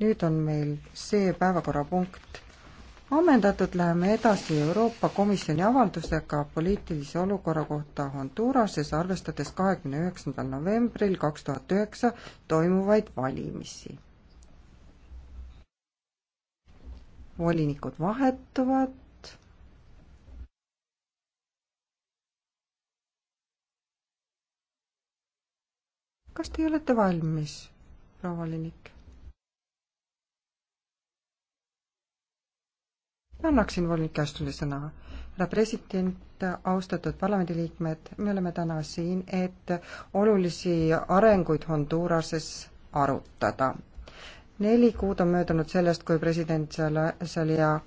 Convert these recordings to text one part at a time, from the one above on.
nüüd on meil see päevakorrapunkt ammendatud, läheme edasi Euroopa Komisjoni avaldusega poliitilise olukorra kohta Honduras'es, arvestades kahekümne üheksandal novembril kaks tuhat üheksa toimuvaid valimisi. volinikud vahetuvad, kas te olete valmis, proua Linik? annaksin volinik Ashtonile sõna. härra president, austatud parlamendiliikmed, me oleme täna siin, et olulisi arenguid Honduras'es arutada. neli kuud on möödunud sellest, kui president Sala-, Salia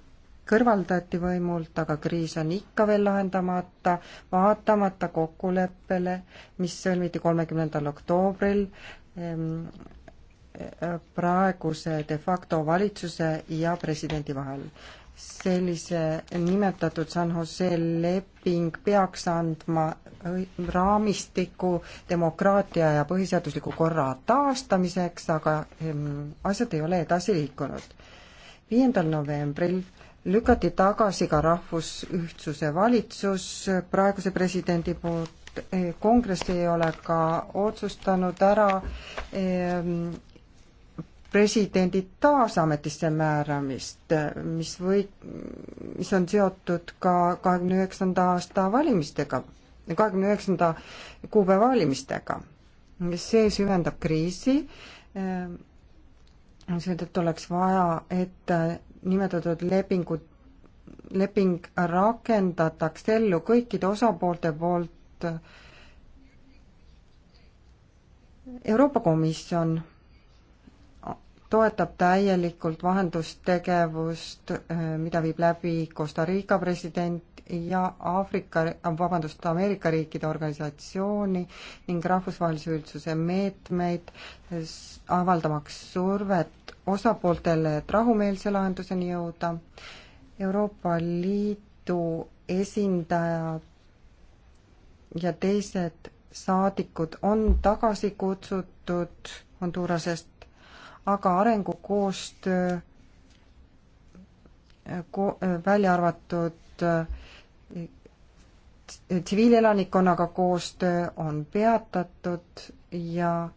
kõrvaldati võimult, aga kriis on ikka veel lahendamata, vaatamata kokkuleppele, mis sõlmiti kolmekümnendal oktoobril ehm, praeguse de facto valitsuse ja presidendi vahel sellise nimetatud San Jose leping peaks andma raamistiku demokraatia ja põhiseadusliku korra taastamiseks, aga asjad ei ole edasi liikunud. Viiendal novembril lükati tagasi ka rahvusühtsuse valitsus praeguse presidendi poolt, kongress ei ole ka otsustanud ära presidendi taasametisse määramist, mis või, mis on seotud ka kahekümne üheksanda aasta valimistega, kahekümne üheksanda kuupäeva valimistega. see süvendab kriisi, eh, seetõttu oleks vaja, et eh, nimetatud lepingut, leping rakendataks ellu kõikide osapoolte poolt Euroopa Komisjon toetab täielikult vahendustegevust, äh, mida viib läbi Costa Rica president ja Aafrika, vabandust, Ameerika riikide organisatsiooni ning rahvusvahelise üldsuse meetmeid, avaldamaks survet osapooltele, et rahumeelse lahenduseni jõuda. Euroopa Liidu esindajad ja teised saadikud on tagasi kutsutud Hondurasest aga arengukoostöö eh, ko-, eh, välja arvatud eh, tsiviilelanikkonnaga koostöö on peatatud ja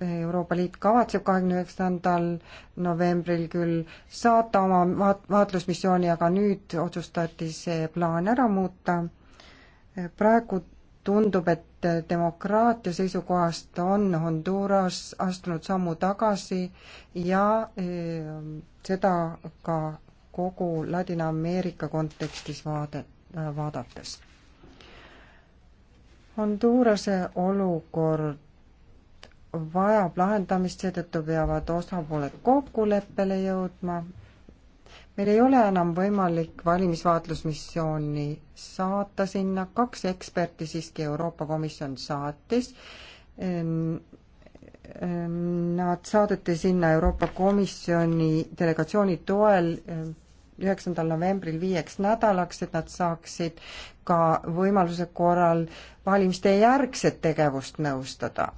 Euroopa Liit kavatseb kahekümne üheksandal novembril küll saata oma vaat-, vaatlusmissiooni, aga nüüd otsustati see plaan ära muuta. praegu tundub, et demokraatia seisukohast on Honduras astunud sammu tagasi ja eh, seda ka kogu Ladina-Ameerika kontekstis vaade, vaadates. Hondurase olukord vajab lahendamist, seetõttu peavad osapooled kokkuleppele jõudma meil ei ole enam võimalik valimisvaatlusmissiooni saata sinna, kaks eksperti siiski Euroopa Komisjon saatis. Nad saadeti sinna Euroopa Komisjoni delegatsiooni toel üheksandal novembril viieks nädalaks, et nad saaksid ka võimaluse korral valimiste järgset tegevust nõustada.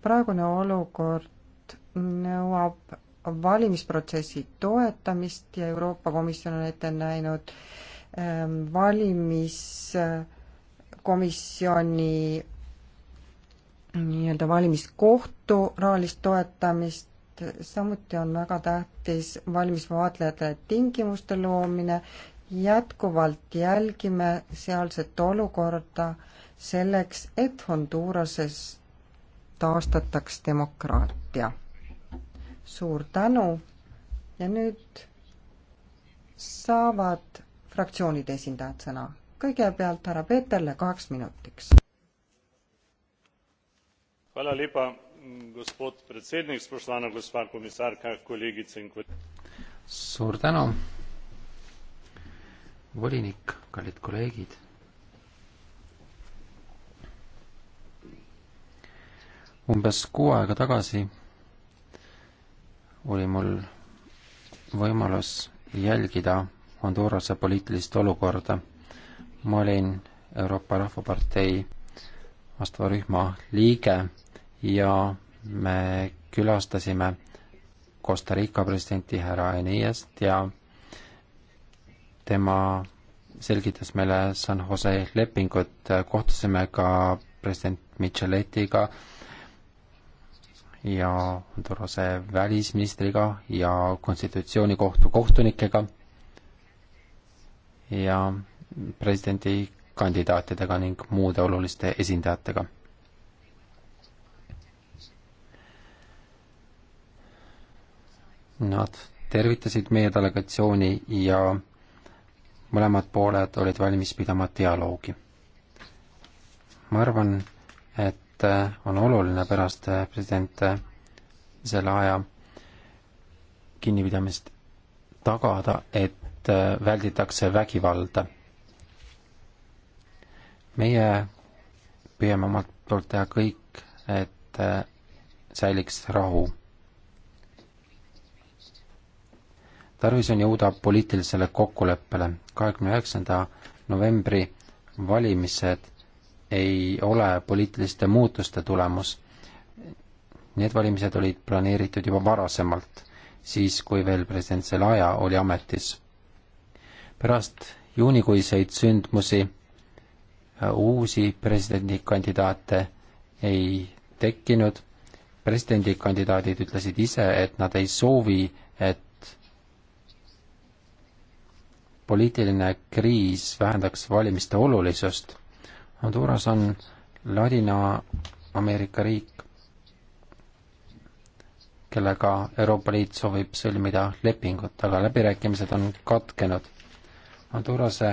praegune olukord nõuab valimisprotsessi toetamist ja Euroopa Komisjon on ette näinud ähm, valimiskomisjoni nii-öelda valimiskohtu rahalist toetamist, samuti on väga tähtis valimisvaatlejatele tingimuste loomine, jätkuvalt jälgime sealset olukorda selleks, et Honduras'es taastataks demokraatia suur tänu ja nüüd saavad fraktsioonide esindajad sõna. kõigepealt härra Peeterle kaheks minutiks. Hvala lepa, gospod predsednik, spoštovana gospa komisarka, kolegice in kolleegid. suur tänu, volinik, kallid kolleegid. umbes kuu aega tagasi oli mul võimalus jälgida Hondurase poliitilist olukorda. ma olin Euroopa Rahvapartei vastava rühma liige ja me külastasime Costa Rica presidenti härra Eniest ja tema selgitas meile San Jose lepingut, kohtusime ka president Micheletiga, ja Honduras välisministriga ja konstitutsioonikohtu kohtunikega ja presidendikandidaatidega ning muude oluliste esindajatega Nad tervitasid meie delegatsiooni ja mõlemad pooled olid valmis pidama dialoogi. ma arvan, et Eh, on oluline pärast eh, president eh, selle aja kinnipidamist tagada, et välditakse vägivalda. meie püüame omalt poolt teha kõik, et säiliks rahu. tarvis on jõuda poliitilisele kokkuleppele. kahekümne üheksanda novembri valimised ei ole poliitiliste muutuste tulemus. Need valimised olid planeeritud juba varasemalt, siis kui veel president Zelaja oli ametis. pärast juunikuiseid sündmusi äh, uusi presidendikandidaate ei tekkinud, presidendikandidaadid ütlesid ise, et nad ei soovi, et poliitiline kriis vähendaks valimiste olulisust Honduras on Ladina-Ameerika riik, kellega Euroopa Liit soovib sõlmida lepingut, aga läbirääkimised on katkenud. Hondurase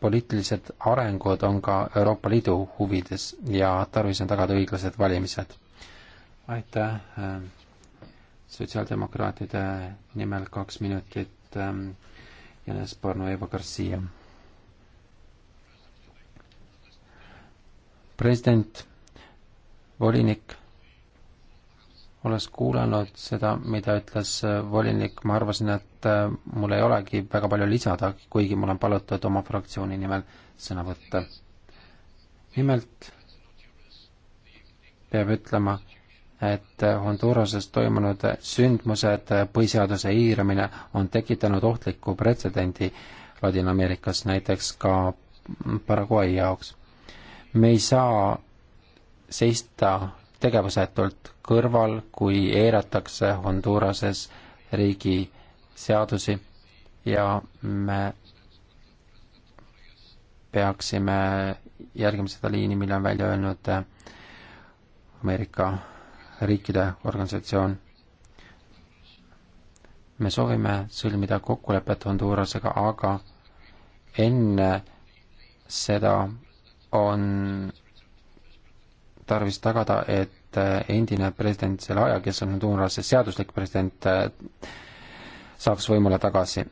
poliitilised arengud on ka Euroopa Liidu huvides ja tarvis on tagada õiglased valimised. aitäh, ähm, sotsiaaldemokraatide nimel kaks minutit, ähm, Janes Porno, Eva Garcia president, volinik, olles kuulanud seda, mida ütles äh, volinik, ma arvasin, et äh, mul ei olegi väga palju lisada, kuigi mul on palutud oma fraktsiooni nimel sõna võtta. nimelt peab ütlema, et äh, Honduras'es toimunud sündmused, põhiseaduse eiramine on tekitanud ohtliku pretsedendi Ladina-Ameerikas, näiteks ka Paraguay jaoks me ei saa seista tegevusetult kõrval, kui eiratakse Honduras'es riigi seadusi ja me peaksime järgima seda liini, mille on välja öelnud Ameerika riikide organisatsioon. me soovime sõlmida kokkulepet Hondurasega, aga enne seda on tarvis tagada, et äh, endine president Zelaja, kes on nüüd UNRWA-sse seaduslik president, äh, saaks võimule tagasi.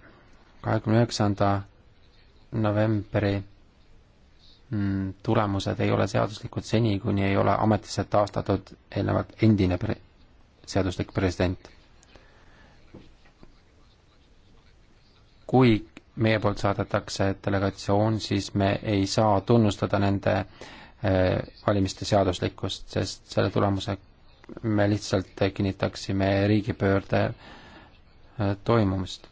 kahekümne üheksanda novembri mm, tulemused ei ole seaduslikud seni, kuni ei ole ametisse taastatud eelnevalt endine pre-, seaduslik president. kui meie poolt saadetakse delegatsioon, siis me ei saa tunnustada nende eh, valimiste seaduslikkust, sest selle tulemuse me lihtsalt kinnitaksime riigipöörde eh, toimumist.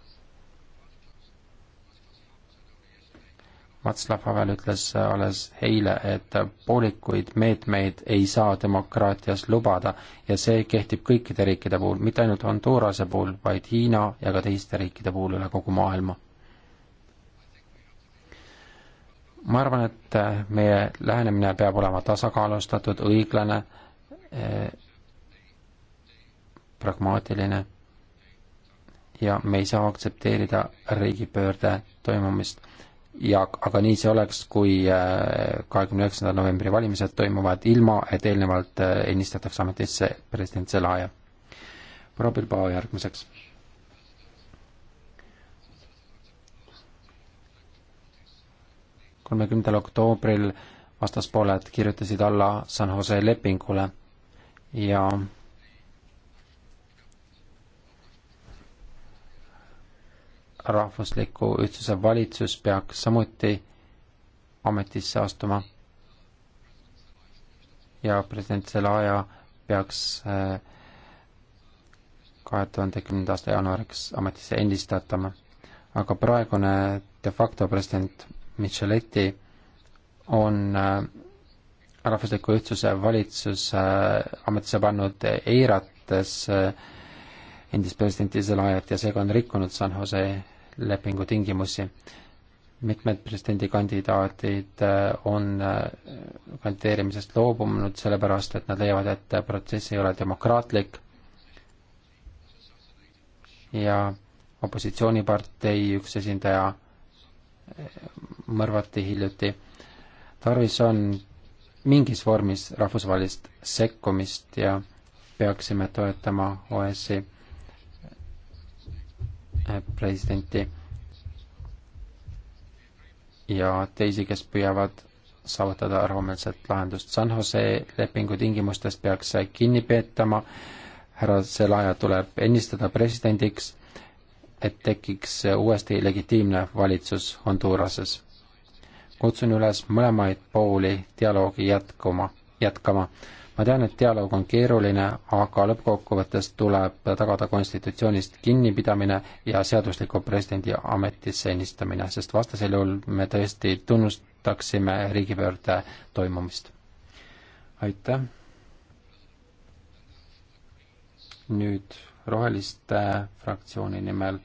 Mats Lafavel ütles alles eile, et poolikuid meetmeid ei saa demokraatias lubada ja see kehtib kõikide riikide puhul, mitte ainult Hondurase puhul, vaid Hiina ja ka teiste riikide puhul üle kogu maailma. ma arvan, et äh, meie lähenemine peab olema tasakaalustatud, õiglane, äh, pragmaatiline ja me ei saa aktsepteerida riigipöörde toimumist. ja, aga nii see oleks, kui äh, kahekümne üheksanda novembri valimised toimuvad ilma, et eelnevalt ennistatakse ametisse president Zelaja. proua Bilbao järgmiseks kolmekümnendal oktoobril vastaspooled kirjutasid alla San Jose lepingule ja rahvusliku ühtsuse valitsus peaks samuti ametisse astuma ja president Zelaya peaks eh, kahe tuhande kümnenda aasta jaanuariks ametisse endistatama. aga praegune de facto president Micheletti on äh, rahvusliku ühtsuse valitsus äh, ametisse pannud eirates äh, endist presidenti Zelajat ja seega on rikkunud San Jose lepingu tingimusi. mitmed presidendikandidaadid on kandideerimisest loobunud sellepärast, et nad leiavad, et protsess ei ole demokraatlik ja opositsioonipartei üks esindaja mõrvati hiljuti. tarvis on mingis vormis rahvusvahelist sekkumist ja peaksime toetama OS-i presidenti ja teisi, kes püüavad saavutada rahumeelset lahendust. San Jose lepingu tingimustest peaks kinni peetama, härra Zelaja tuleb ennistada presidendiks et tekiks uuesti legitiimne valitsus Honduras'es. kutsun üles mõlemaid pooli dialoogi jätkuma, jätkama. ma tean, et dialoog on keeruline, aga lõppkokkuvõttes tuleb tagada konstitutsioonist kinnipidamine ja seadusliku presidendi ametisse ennistamine, sest vastasel juhul me tõesti tunnustaksime riigipöörde toimumist. aitäh! nüüd Roheliste fraktsiooni nimel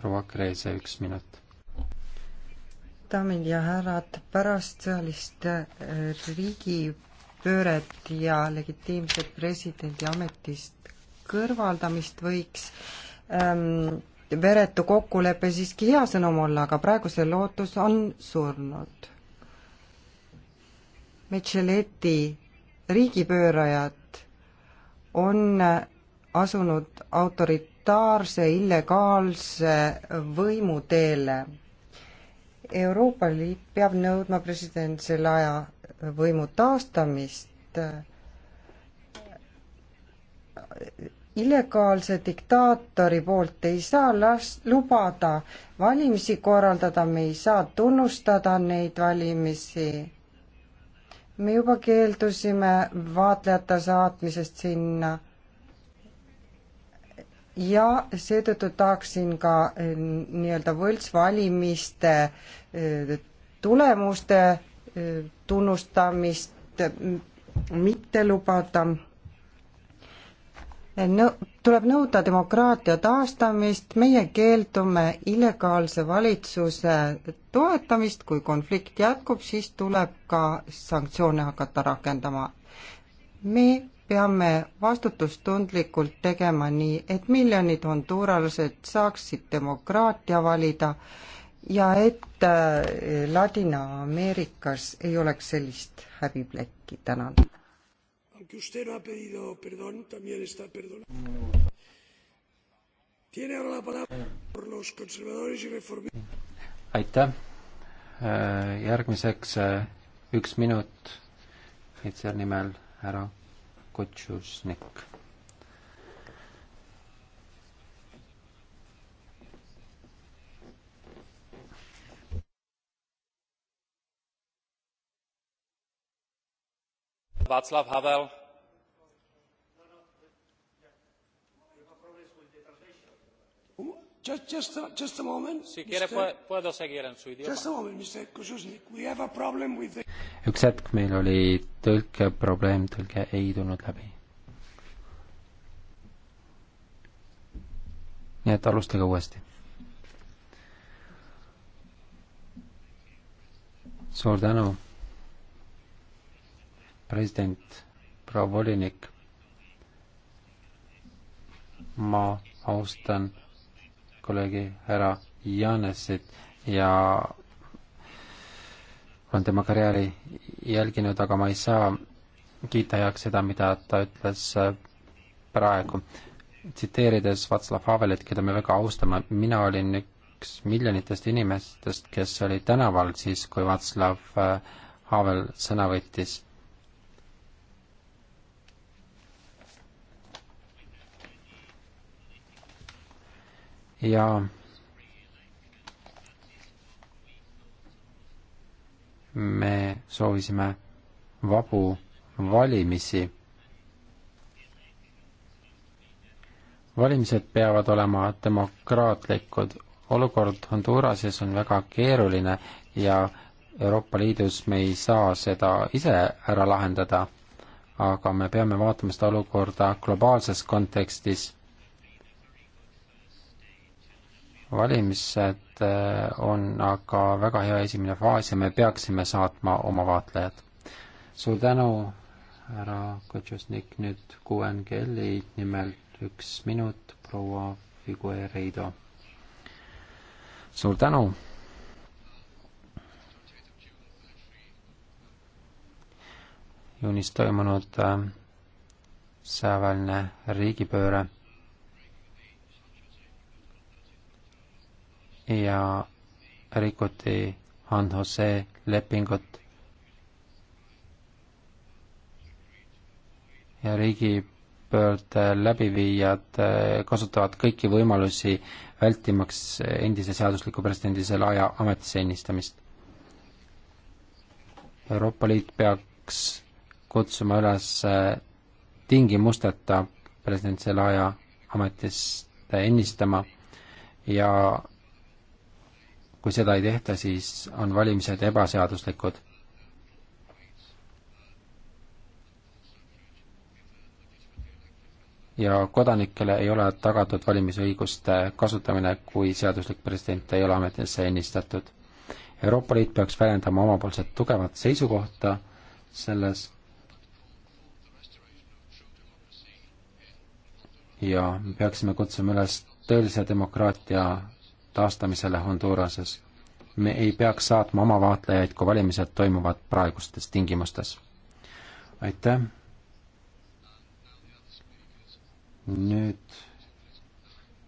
proua Kreese, üks minut. daamid ja härrad, pärast sõjalist äh, riigipööret ja legitiimset presidendi ametist kõrvaldamist võiks ähm, veretu kokkulepe siiski hea sõnum olla, aga praegu see lootus on surnud. Micheleti riigipöörajad on asunud autoritaarse illegaalse võimu teele. Euroopa Liit peab nõudma president Zelaja võimu taastamist. illegaalse diktaatori poolt ei saa las-, lubada valimisi korraldada, me ei saa tunnustada neid valimisi me juba keeldusime vaatlejate saatmisest sinna ja seetõttu tahaksin ka eh, nii-öelda võltsvalimiste eh, tulemuste eh, tunnustamist mm, mitte lubada nõ-, tuleb nõuda demokraatia taastamist, meie keeldume illegaalse valitsuse toetamist, kui konflikt jätkub, siis tuleb ka sanktsioone hakata rakendama. me peame vastutustundlikult tegema nii, et miljonid hondurlased saaksid demokraatia valida ja et äh, Ladina-Ameerikas ei oleks sellist häbiplekki, tänan aunque usted no ha pedido perdón, también está perdonado. Tiene ahora la palabra por los conservadores y reformistas. Aitäh. Äh, järgmiseks äh, üks minut Hitler nimel härra Kutšusnik Václav Havel. Just, just, just a moment, si quiere Mister... puedo seguir en su idioma. Just a moment, Mr. Kususnik. We have a problem with the... üks hetk, meil oli tõlkeprobleem, tõlge ei tulnud läbi. nii et alustage uuesti. suur tänu president, proua volinik, ma austan kolleegi härra Janesit ja olen tema karjääri jälginud, aga ma ei saa kiita heaks seda, mida ta ütles äh, praegu. tsiteerides Václav Havelit, keda me väga austame, mina olin üks miljonitest inimestest, kes oli tänaval siis, kui Václav äh, Havel sõna võttis ja me soovisime vabu valimisi. valimised peavad olema demokraatlikud, olukord Hondurasias on väga keeruline ja Euroopa Liidus me ei saa seda ise ära lahendada, aga me peame vaatama seda olukorda globaalses kontekstis valimised äh, on aga väga hea esimene faas ja me peaksime saatma oma vaatlejad. suur tänu, härra Kotšusnik, nüüd QNGL-i nimel üks minut, proua Figuereido. suur tänu juunis toimunud äh, sõjaväeline riigipööre ja rikuti Han Jose lepingut. ja riigipöörde läbiviijad äh, kasutavad kõiki võimalusi, vältimaks endise seadusliku presidendi selle aja ametisse ennistamist. Euroopa Liit peaks kutsuma üles äh, tingimusteta president selle aja ametist ennistama ja kui seda ei tehta, siis on valimised ebaseaduslikud. ja kodanikele ei ole tagatud valimisõiguste kasutamine, kui seaduslik president ei ole ametisse ennistatud. Euroopa Liit peaks väljendama omapoolset tugevat seisukohta selles ja me peaksime kutsuma üles tõelise demokraatia taastamisele Honduras'es. me ei peaks saatma oma vaatlejaid, kui valimised toimuvad praegustes tingimustes. aitäh. nüüd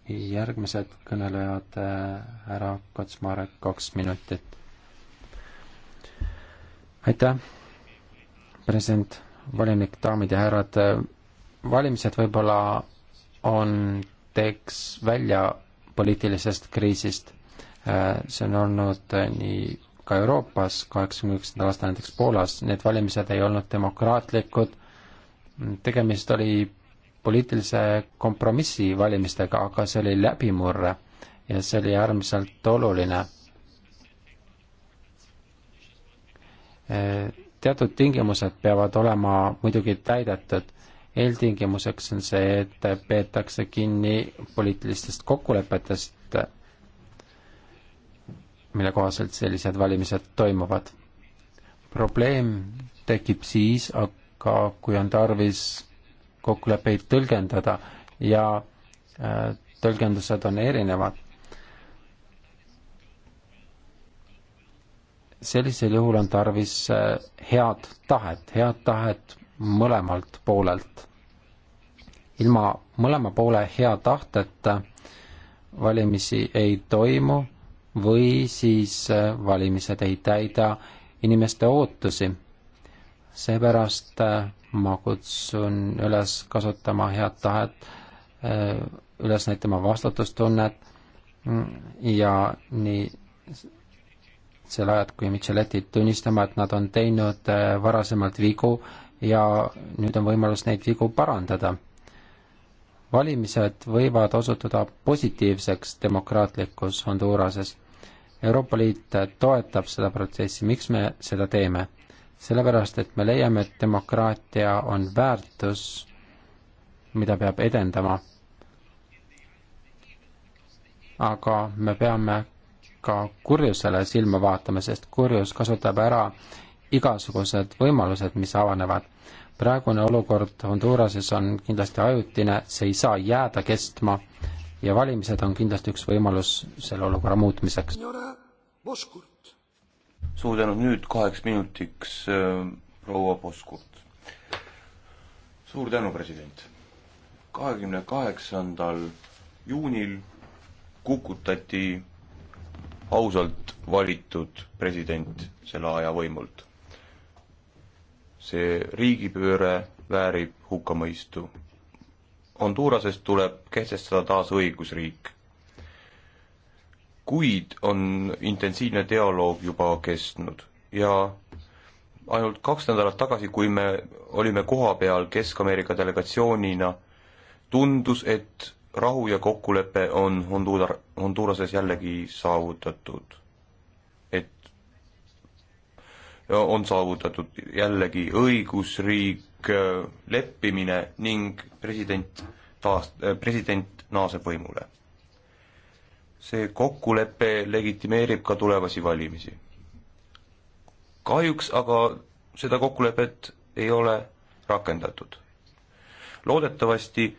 järgmised kõnelejad, äh, härra Kotsmarek, kaks minutit. aitäh, president, volinik, daamid ja härrad, äh, valimised võib-olla on teeks välja poliitilisest kriisist. Äh, see on olnud äh, nii ka Euroopas, kaheksakümne üheksandal aastal näiteks Poolas, need valimised ei olnud demokraatlikud, tegemist oli poliitilise kompromissi valimistega, aga see oli läbimurre ja see oli äärmiselt oluline. Äh, teatud tingimused peavad olema muidugi täidetud, eeltingimuseks on see, et peetakse kinni poliitilistest kokkulepetest, mille kohaselt sellised valimised toimuvad. probleem tekib siis aga, kui on tarvis kokkuleppeid tõlgendada ja äh, tõlgendused on erinevad. sellisel juhul on tarvis äh, head tahet, head tahet mõlemalt poolelt. ilma mõlema poole hea tahteta valimisi ei toimu või siis äh, valimised ei täida inimeste ootusi. seepärast äh, ma kutsun üles kasutama head tahet, äh, üles näitama vastutustunnet mm, ja nii sel ajal, kui Micheletti tunnistama, et nad on teinud varasemalt vigu, ja nüüd on võimalus neid vigu parandada. valimised võivad osutuda positiivseks demokraatlikus Honduras'es. Euroopa Liit toetab seda protsessi, miks me seda teeme? sellepärast, et me leiame, et demokraatia on väärtus, mida peab edendama. aga me peame ka kurjusele silma vaatama, sest kurjus kasutab ära äh, igasugused võimalused, mis avanevad. praegune olukord Honduras'is on kindlasti ajutine, see ei saa jääda kestma ja valimised on kindlasti üks võimalus selle olukorra muutmiseks. suur tänu, nüüd kaheks minutiks äh, proua Poskurt. suur tänu, president. kahekümne kaheksandal juunil kukutati ausalt valitud president selle aja võimult see riigipööre väärib hukkamõistu. Hondurasest tuleb kehtestada taas õigusriik. kuid on intensiivne dialoog juba kestnud ja ainult kaks nädalat tagasi, kui me olime kohapeal Kesk-Ameerika delegatsioonina, tundus, et rahu ja kokkulepe on Honduras, Honduras'es jällegi saavutatud on saavutatud jällegi õigusriik, leppimine ning president taas, president naaseb võimule. see kokkulepe legitimeerib ka tulevasi valimisi. kahjuks aga seda kokkulepet ei ole rakendatud. loodetavasti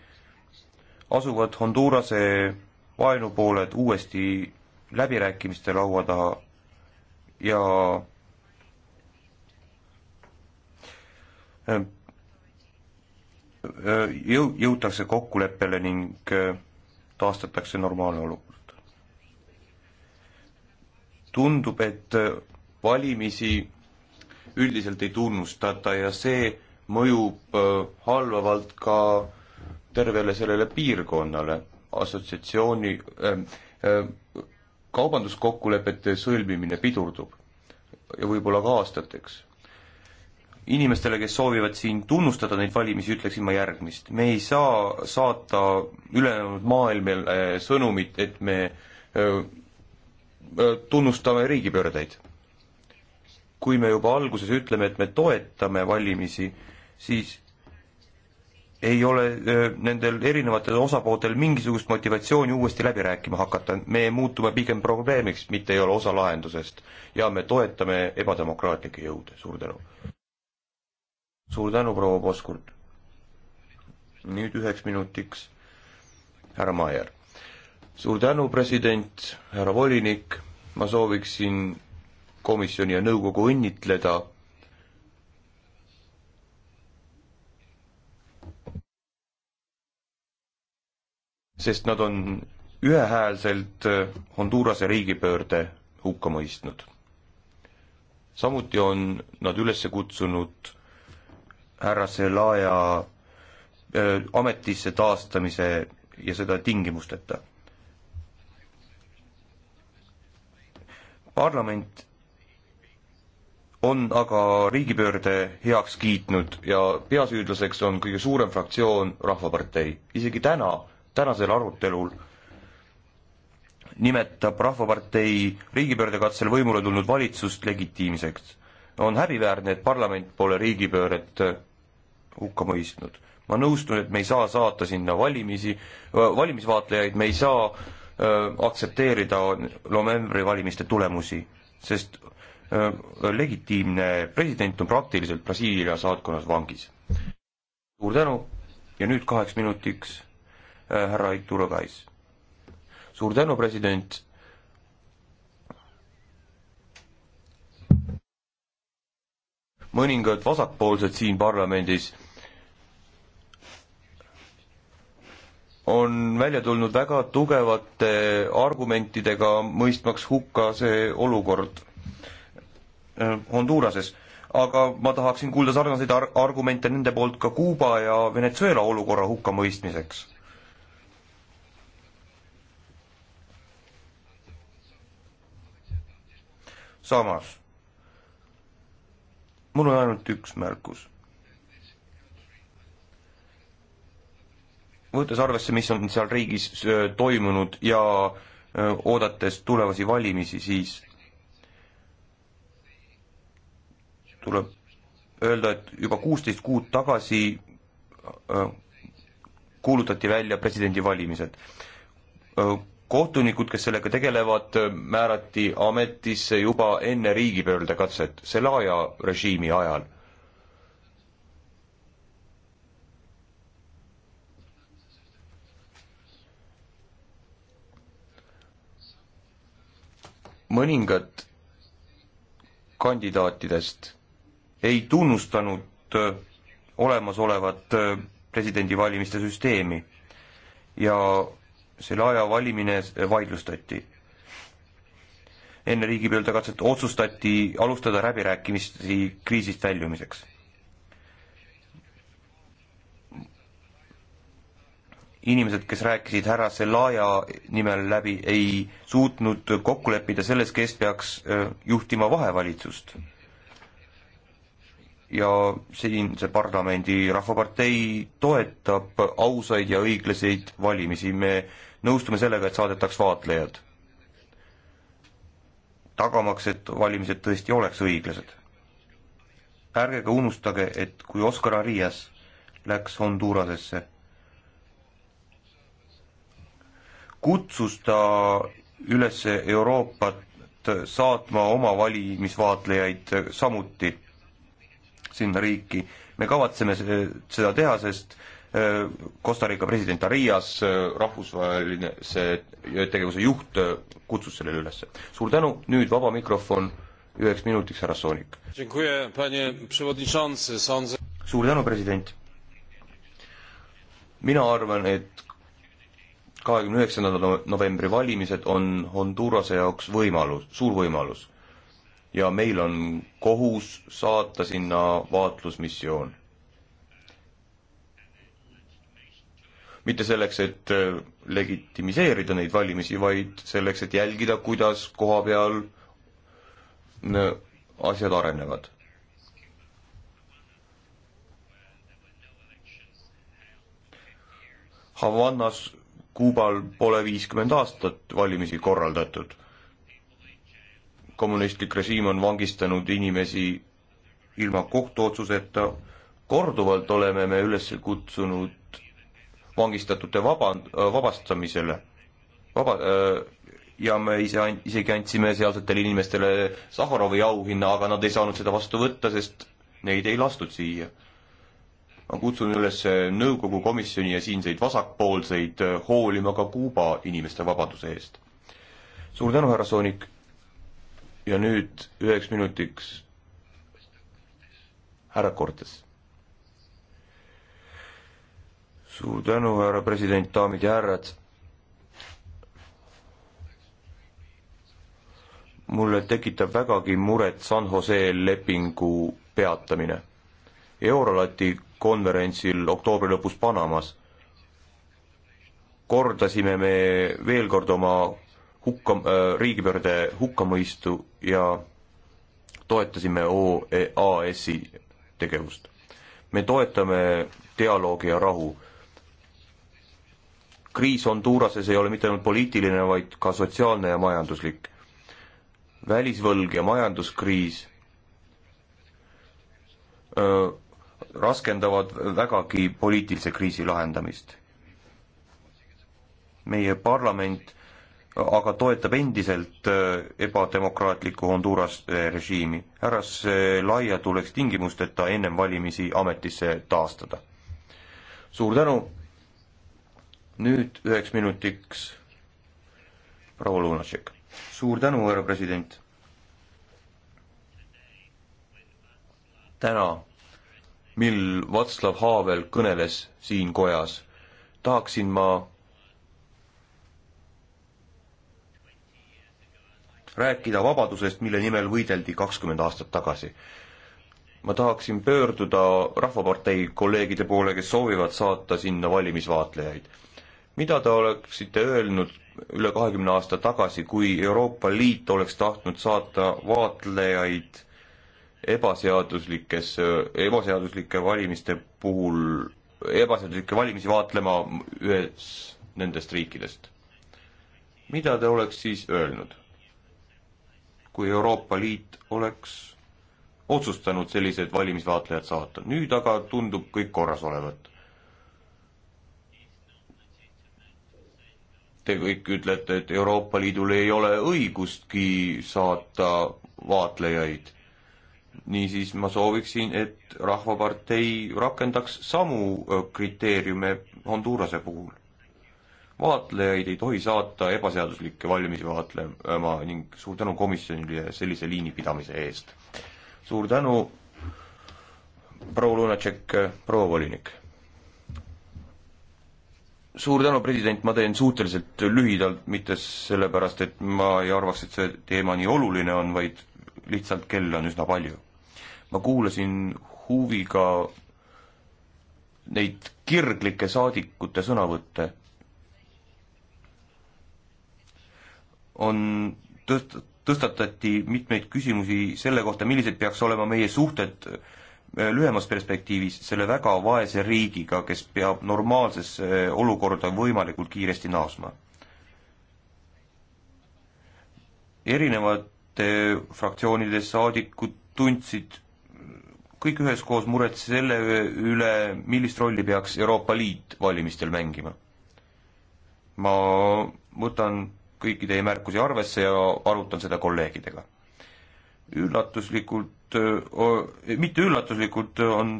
asuvad Hondurase vaenupooled uuesti läbirääkimiste laua taha ja Ehm, ehm, jõu-, jõutakse kokkuleppele ning ehm, taastatakse normaalne olukord. tundub, et valimisi üldiselt ei tunnustata ja see mõjub halvavalt ka tervele sellele piirkonnale, assotsiatsiooni äh, äh, kaubanduskokkulepete sõlmimine pidurdub ja võib-olla ka aastateks inimestele, kes soovivad siin tunnustada neid valimisi, ütleksin ma järgmist. me ei saa saata ülejäänud maailmale sõnumit, et me tunnustame riigipöördeid. kui me juba alguses ütleme, et me toetame valimisi, siis ei ole nendel erinevatel osapooltel mingisugust motivatsiooni uuesti läbi rääkima hakata, me muutume pigem probleemiks, mitte ei ole osa lahendusest. ja me toetame ebademokraatlikke jõude, suur tänu suur tänu, proua Poskurt. nüüd üheks minutiks härra Maier. suur tänu, president, härra volinik, ma sooviksin komisjoni ja nõukogu õnnitleda sest nad on ühehäälselt Hondurase riigipöörde hukka mõistnud. samuti on nad üles kutsunud härra Zelaja ametisse taastamise ja seda tingimusteta. parlament on aga riigipöörde heaks kiitnud ja peasüüdlaseks on kõige suurem fraktsioon Rahvapartei. isegi täna, tänasel arutelul nimetab Rahvapartei riigipöördekatsel võimule tulnud valitsust legitiimseks on häbiväärne, et parlament pole riigipööret äh, hukka mõistnud. ma nõustun, et me ei saa saata sinna valimisi, äh, valimisvaatlejaid, me ei saa öö, äh, aktsepteerida novembri valimiste tulemusi, sest öö, legitiimne president on praktiliselt Brasiilia saatkonnas vangis. suur tänu ja nüüd kaheks minutiks härra Igor Kais. suur tänu, president mõningad vasakpoolsed siin parlamendis on välja tulnud väga tugevate argumentidega, mõistmaks hukka see olukord äh, Honduras'es. aga ma tahaksin kuulda sarnaseid ar-, argumente nende poolt ka Kuuba ja Venezuela olukorra hukkamõistmiseks samas mul on ainult üks märkus. võttes arvesse, mis on seal riigis äh, toimunud ja äh, oodates tulevasi valimisi, siis tuleb öelda, et juba kuusteist kuud tagasi äh, kuulutati välja presidendivalimised kohtunikud, kes sellega tegelevad, määrati ametisse juba enne riigipöörde katset, Zelaja režiimi ajal. mõningad kandidaatidest ei tunnustanud olemasolevat presidendivalimiste süsteemi ja selle aja valimine vaidlustati. enne riigipöörde katset otsustati alustada läbirääkimisi kriisist väljumiseks. inimesed, kes rääkisid härra Selaja nimel läbi, ei suutnud kokku leppida selles, kes peaks äh, juhtima vahevalitsust. ja siin see parlamendi Rahvapartei toetab ausaid ja õiglaseid valimisi, me nõustume sellega, et saadetaks vaatlejad, tagamaks, et valimised tõesti oleks õiglased. ärge ka unustage, et kui Oscar Arias läks Hondurasesse, kutsus ta üles Euroopat saatma oma valimisvaatlejaid samuti sinna riiki. me kavatseme seda teha, sest Costa Rica president Arias, rahvusvahelise tegevuse juht, kutsus sellele üles. suur tänu, nüüd vaba mikrofon üheks minutiks, härra Soonik. suur tänu, president. mina arvan, et kahekümne üheksanda novembri valimised on Hondurase jaoks võimalus, suur võimalus. ja meil on kohus saata sinna vaatlusmissioon mitte selleks, et äh, legitimiseerida neid valimisi, vaid selleks, et jälgida, kuidas koha peal äh, asjad arenevad. Havannas Kuubal pole viiskümmend aastat valimisi korraldatud. kommunistlik režiim on vangistanud inimesi ilma kohtuotsuseta, korduvalt oleme me üles kutsunud vangistatute vaba, äh, vabastamisele. Vaba- äh,, ja me ise an-, isegi andsime sealsetele inimestele Sahharovi auhinna, aga nad ei saanud seda vastu võtta, sest neid ei lastud siia. ma kutsun üles äh, nõukogu komisjoni ja siinseid vasakpoolseid äh, hoolima ka Kuuba inimeste vabaduse eest. suur tänu, härra Soonik. ja nüüd üheks minutiks härra Cortes suur tänu, härra president, daamid ja härrad. mulle tekitab vägagi muret San Jose lepingu peatamine. Eurolati konverentsil oktoobri lõpus Panamas kordasime me veel kord oma hukka äh,, riigipöörde hukkamõistu ja toetasime OAS-i e tegevust. me toetame dialoogi ja rahu kriis Honduras'es ei ole mitte ainult poliitiline, vaid ka sotsiaalne ja majanduslik. välisvõlg ja majanduskriis öö, raskendavad vägagi poliitilise kriisi lahendamist. meie parlament aga toetab endiselt ebademokraatlikku Honduras režiimi. härra Zelaya tuleks tingimusteta ennem valimisi ametisse taastada. suur tänu, nüüd üheks minutiks proua Lunatšek. suur tänu, härra president. täna, mil Václav Havel kõneles siin kojas, tahaksin ma rääkida vabadusest, mille nimel võideldi kakskümmend aastat tagasi. ma tahaksin pöörduda Rahvapartei kolleegide poole, kes soovivad saata sinna valimisvaatlejaid mida te oleksite öelnud üle kahekümne aasta tagasi, kui Euroopa Liit oleks tahtnud saata vaatlejaid ebaseaduslikes, ebaseaduslike valimiste puhul, ebaseaduslikke valimisi vaatlema ühes nendest riikidest? mida te oleks siis öelnud, kui Euroopa Liit oleks otsustanud sellised valimisvaatlejad saata, nüüd aga tundub kõik korras olevat Te kõik ütlete, et Euroopa Liidul ei ole õigustki saata vaatlejaid. niisiis ma sooviksin, et Rahvapartei rakendaks samu kriteeriume Hondurase puhul. vaatlejaid ei tohi saata ebaseaduslikke valmis vaatlema ning suur tänu komisjonile sellise liini pidamise eest. suur tänu, proua Lunatšek, proua volinik suur tänu, president, ma teen suhteliselt lühidalt, mitte sellepärast, et ma ei arvaks, et see teema nii oluline on, vaid lihtsalt kell on üsna palju. ma kuulasin huviga neid kirglikke saadikute sõnavõtte. on tõst-, tõstatati mitmeid küsimusi selle kohta, millised peaks olema meie suhted Äh, lühemas perspektiivis selle väga vaese riigiga, kes peab normaalsesse äh, olukorda võimalikult kiiresti naasma. erinevate äh, fraktsioonide saadikud tundsid kõik üheskoos muret selle üle, millist rolli peaks Euroopa Liit valimistel mängima. ma võtan kõiki teie märkusi arvesse ja arutan seda kolleegidega. üllatuslikult mitte üllatuslikult on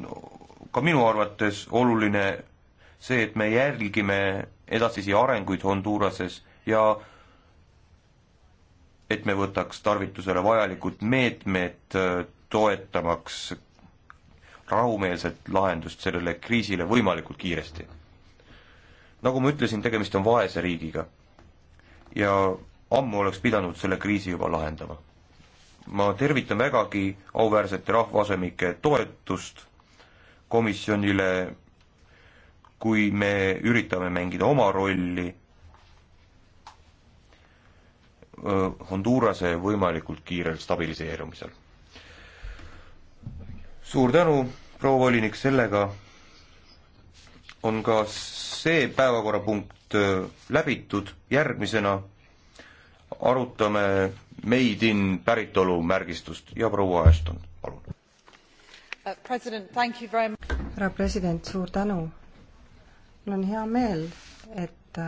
ka minu arvates oluline see, et me jälgime edasisi arenguid Honduras'es ja et me võtaks tarvitusele vajalikud meetmed, toetamaks rahumeelset lahendust sellele kriisile võimalikult kiiresti. nagu ma ütlesin, tegemist on vaese riigiga ja ammu oleks pidanud selle kriisi juba lahendama ma tervitan vägagi auväärsete rahvaasemike toetust komisjonile, kui me üritame mängida oma rolli Hondurase võimalikult kiirel stabiliseerumisel. suur tänu, proua volinik, sellega on ka see päevakorrapunkt läbitud, järgmisena arutame Made in päritolumärgistust ja proua Ashton, palun. Uh, härra president, suur tänu. mul on hea meel, et uh,